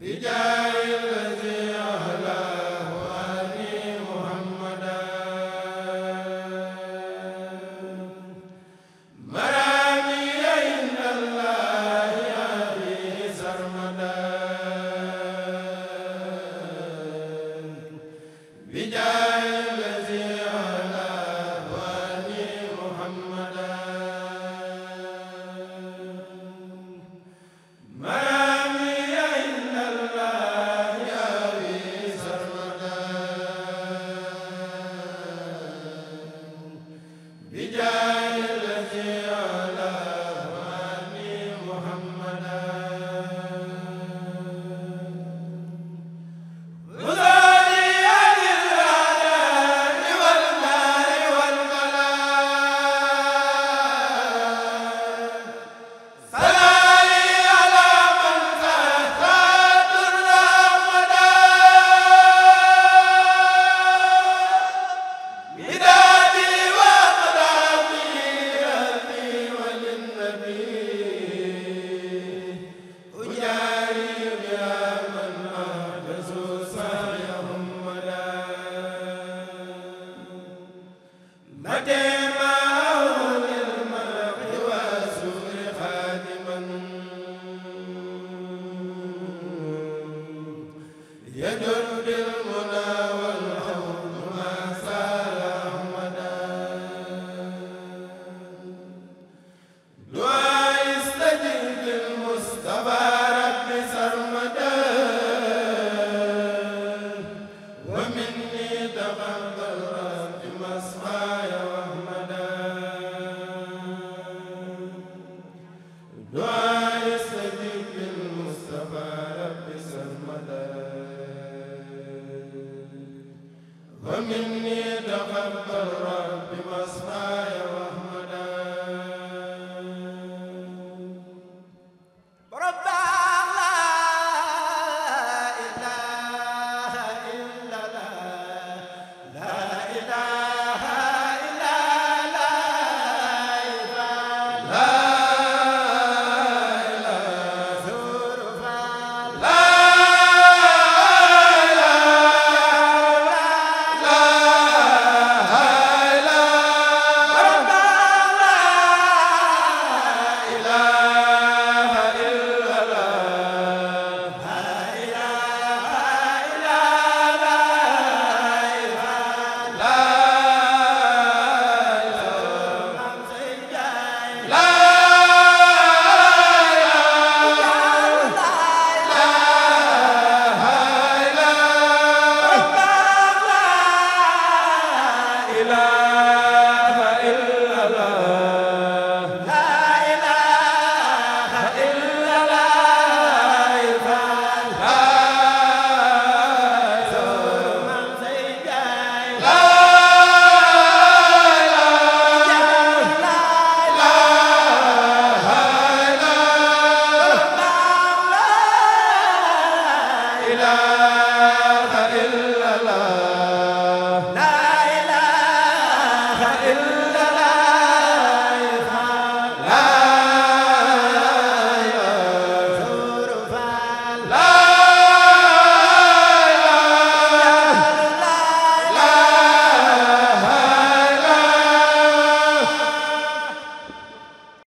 bi jaay yéen ومن